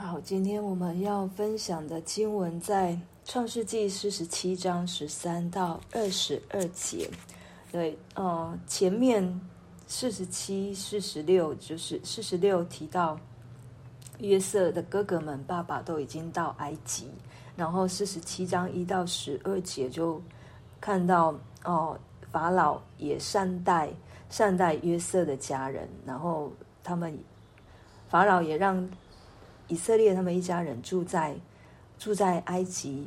好，今天我們要分享的經文在創世記四十七章十三到二十二節。對，呃，前面四十七、四十六就是四十六提到約瑟的哥哥們，爸爸都已經到埃及。然後四十七章一到十二節就看到，哦、呃，法老也善待善待約瑟的家人，然後他們法老也讓。以色列他們一家人住在住在埃及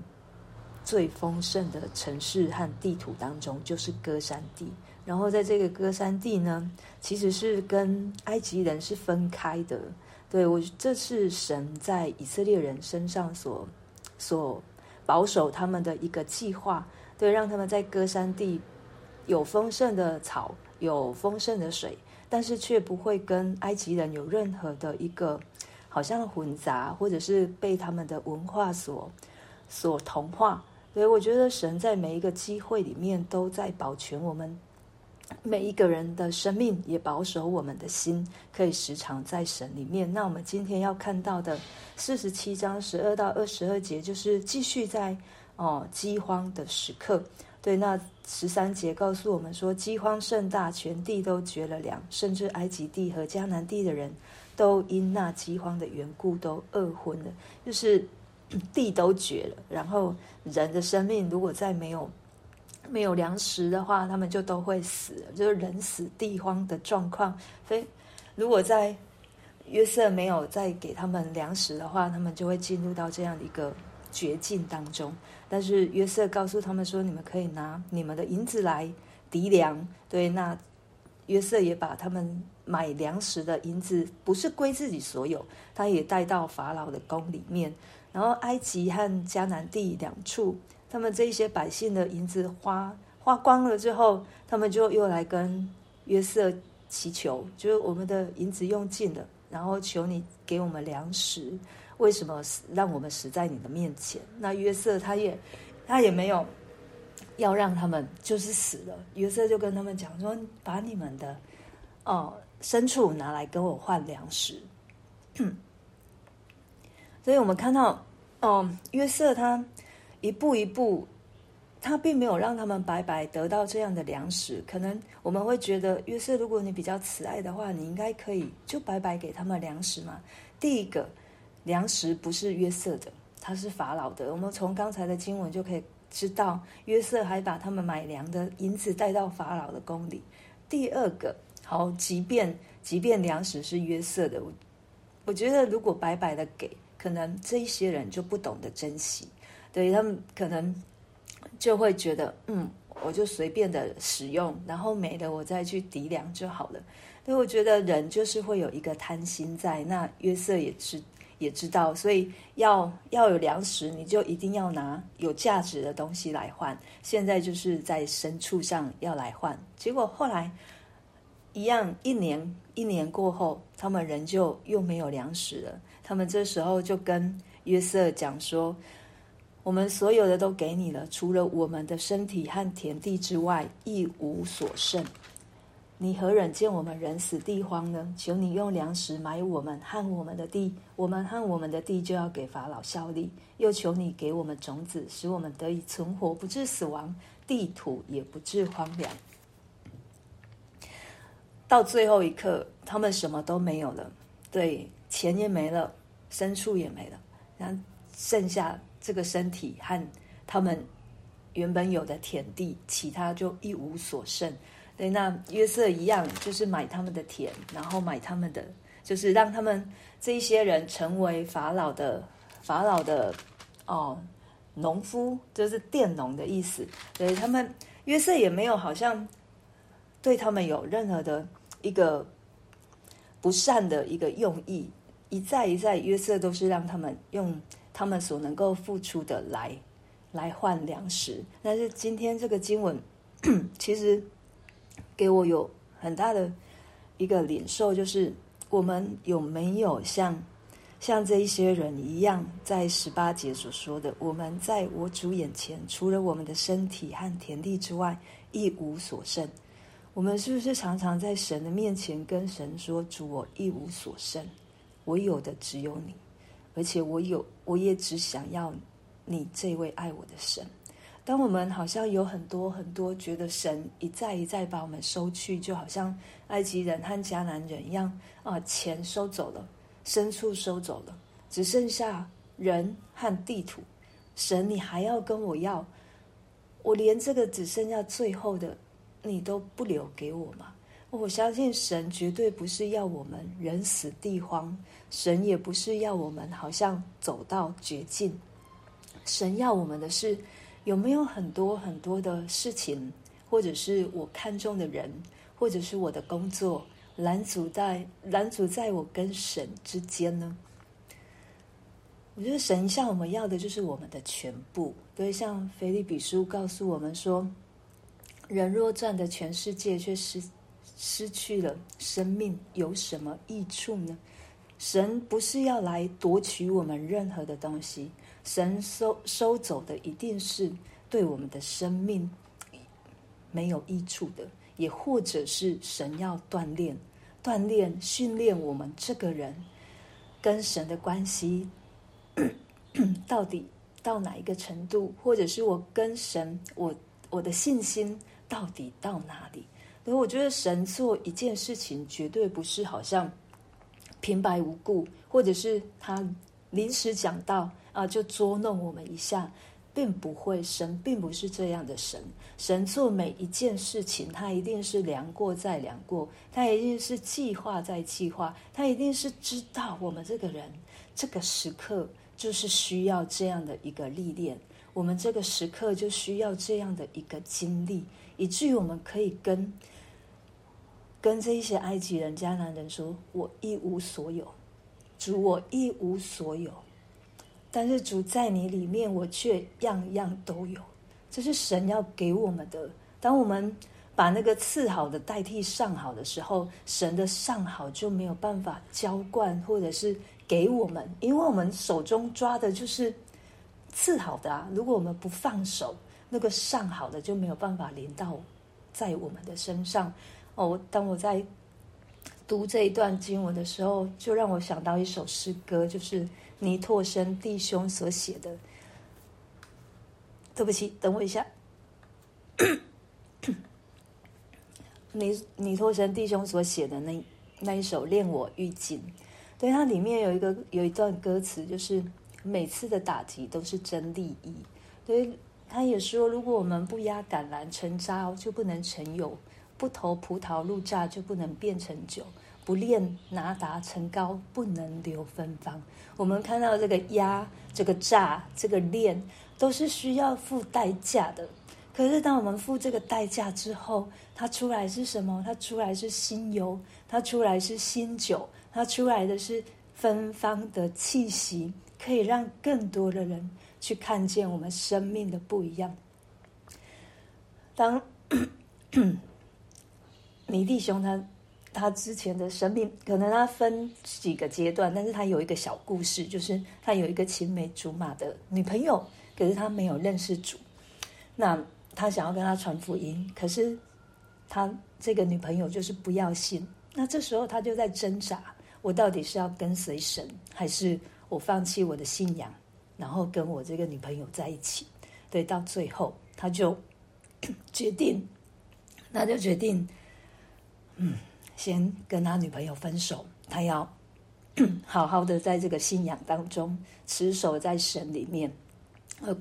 最豐盛的城市和地土當中，就是歌山地。然後在這個歌山地呢，其實是跟埃及人是分開的。對我，這是神在以色列人身上所所保守他們的一個計劃，對，讓他們在歌山地有豐盛的草，有豐盛的水，但是卻不會跟埃及人有任何的一個。好像混雜，或者是被他們的文化所所同化，所以我覺得神在每一個機會裡面都在保全我們每一個人的生命，也保守我們的心，可以時常在神裡面。那我們今天要看到的四十七章十二到二十二節，就是繼續在哦饑荒的時刻。對，那十三節告訴我們說，饑荒甚大，全地都絕了糧，甚至埃及地和迦南地的人。都因那饑荒的緣故，都餓昏了，就是地都絕了。然後人的生命，如果再沒有沒有糧食的話，他們就都會死，就是人死地荒的狀況。所以，如果在約瑟沒有再給他們糧食的話，他們就會進入到這樣一個絕境當中。但是約瑟告訴他們說：“你們可以拿你們的銀子來糴糧。”對，那。約瑟也把他們買糧食的銀子不是歸自己所有，他也帶到法老的宮裡面。然後埃及和迦南地兩處，他們這些百姓的銀子花花光了之後，他們就又來跟約瑟祈求，就是我們的銀子用盡了，然後求你給我們糧食，為什麼讓我們死在你的面前？那約瑟他也他也沒有。要讓他們就是死了，約瑟就跟他們講說：“把你們的哦牲畜拿來跟我換糧食。”嗯，所以我們看到，哦，約瑟他一步一步，他並沒有讓他們白白得到這樣的糧食。可能我們會覺得，約瑟，如果你比較慈愛的話，你應該可以就白白給他們糧食嘛。第一個，糧食不是約瑟的，他是法老的。我們從剛才的經文就可以。知道約瑟還把他們買糧的銀子帶到法老的宮裡。第二個，好，即便即便糧食是約瑟的，我我覺得如果白白的給，可能這一些人就不懂得珍惜。對他們，可能就會覺得，嗯，我就隨便的使用，然後沒了，我再去抵糧就好了。所以我覺得人就是會有一個貪心在，那約瑟也是，也知道，所以要要有糧食，你就一定要拿有價值的東西來換。現在就是在牲畜上要來換。結果後來一樣，一年一年過後，他們人就又沒有糧食了。他們這時候就跟約瑟講說：“我們所有的都給你了，除了我們的身體和田地之外，一無所剩。”你何忍見我們人死地荒呢？求你用糧食買我們和我們的地，我們和我們的地就要給法老效力。又求你給我們種子，使我們得以存活，不致死亡，地土也不致荒涼。到最後一刻，他們什麼都沒有了，對，錢也沒了，牲畜也沒了，然後剩下這個身體和他們原本有的田地，其他就一無所剩。所以，那約瑟一樣，就是買他們的田，然後買他們的，就是讓他們這一些人成為法老的法老的哦，農夫，就是佃農的意思。所以他們約瑟也沒有好像對他們有任何的一個不善的一個用意，一再一再，約瑟都是讓他們用他們所能夠付出的來來換糧食。但是今天這個經文其實。給我有很大的一個領受，就是我們有沒有像像這一些人一樣，在十八節所說的，我們在我主眼前，除了我們的身體和田地之外，一無所剩。我們是不是常常在神的面前跟神說：“主，我一無所剩，我有的只有你，而且我有，我也只想要你這位愛我的神。”當我們好像有很多很多，覺得神一再一再把我們收去，就好像埃及人和迦南人一樣啊，錢收走了，牲畜收走了，只剩下人和地土。神，你還要跟我要？我連這個只剩下最後的，你都不留給我嗎？我相信神絕對不是要我們人死地荒，神也不是要我們好像走到絕境。神要我們的，是。有沒有很多很多的事情，或者是我看中的人，或者是我的工作攔阻在攔阻在我跟神之間呢？我覺得神向我們要的就是我們的全部。所以，像腓立比書告訴我們說：“人若賺得全世界，卻失失去了生命，有什麼益處呢？”神不是要來奪取我們任何的東西。神收收走的一定是對我們的生命沒有益處的，也或者是神要鍛煉、鍛煉、訓練我們這個人跟神的關係咳咳，到底到哪一個程度，或者是我跟神，我我的信心到底到哪裡？所以，我覺得神做一件事情絕對不是好像平白無故，或者是他臨時講到。啊，就捉弄我們一下，並不會。神並不是這樣的神，神神做每一件事情，他一定是量過再量過，他一定是計劃再計劃，他一定是知道我們這個人這個時刻就是需要這樣的一個歷練，我們這個時刻就需要這樣的一個經歷，以至於我們可以跟跟這一些埃及人迦南人說：“我一無所有，主我一無所有。”但是主在你裡面，我卻樣樣都有。這是神要給我們的。當我們把那個次好的代替上好的時候，神的上好就沒有辦法澆灌，或者是給我們，因為我們手中抓的就是次好的啊。如果我們不放手，那個上好的就沒有辦法臨到在我們的身上。哦，當我在。讀這一段經文的時候，就讓我想到一首詩歌，就是尼托生弟兄所寫的。對不起，等我一下。 尼尼托生弟兄所寫的那那一首《煉我愈精》，對，它裡面有一個有一段歌詞，就是每次的打擊都是真利益。所以他也說，如果我們不壓橄欖成渣，就不能成油。不投葡萄入榨，就不能變成酒；不煉拿達成膏，不能留芬芳。我們看到這個壓、這個榨、這個煉，都是需要付代價的。可是，當我們付這個代價之後，它出來是什麼？它出來是新油，它出來是新酒，它出來的是芬芳的氣息，可以讓更多的人去看見我們生命的不一樣。當。 米弟兄他，他他之前的生命，可能他分幾個階段，但是他有一個小故事，就是他有一個青梅竹馬的女朋友，可是他沒有認識主。那他想要跟他傳福音，可是他這個女朋友就是不要信。那這時候他就在掙扎：我到底是要跟隨神，還是我放棄我的信仰，然後跟我這個女朋友在一起？對，到最後他就決定，那就決定。嗯，先跟他女朋友分手，他要 好好的在這個信仰當中持守在神裡面。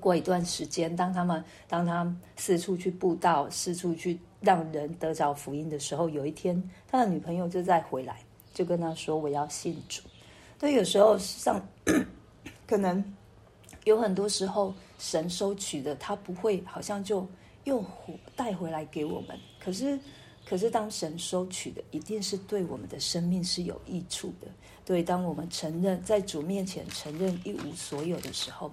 過一段時間，當他們當他四處去佈道，四處去讓人得著福音的時候，有一天他的女朋友就再回來，就跟他說：“我要信主。”對，所以有時候像 可能有很多時候神收取的，他不會好像就又帶回來給我們，可是。可是，當神收取的，一定是對我們的生命是有益處的。對，當我們承認在主面前承認一無所有的時候，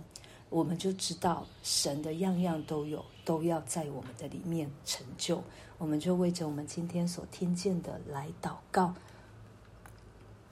我們就知道神的樣樣都有，都要在我們的裡面成就。我們就為着我們今天所聽見的來禱告。